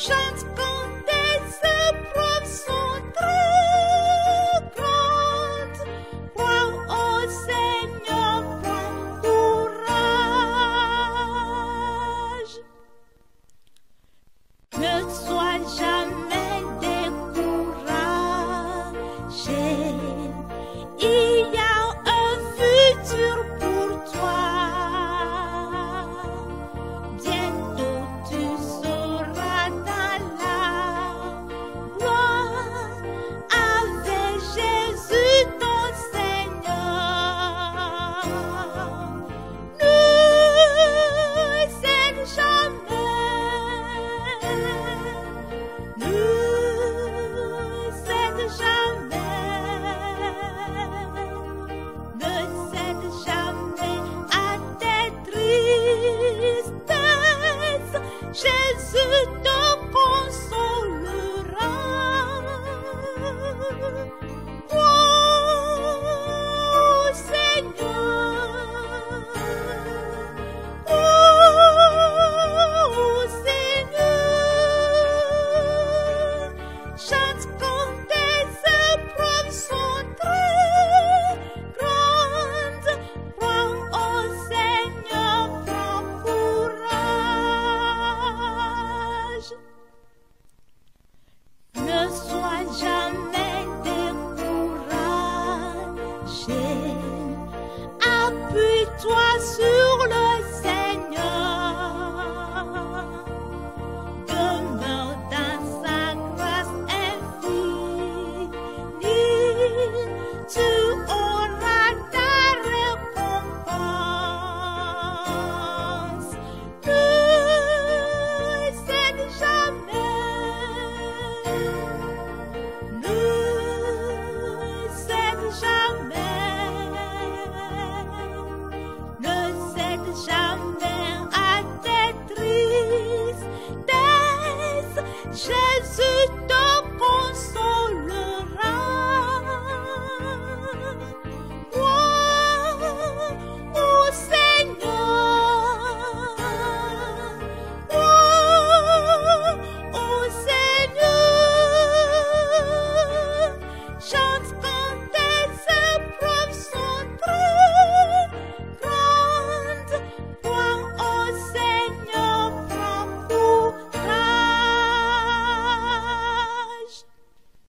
Shines bright. ¡Alto! 谁？Jesus.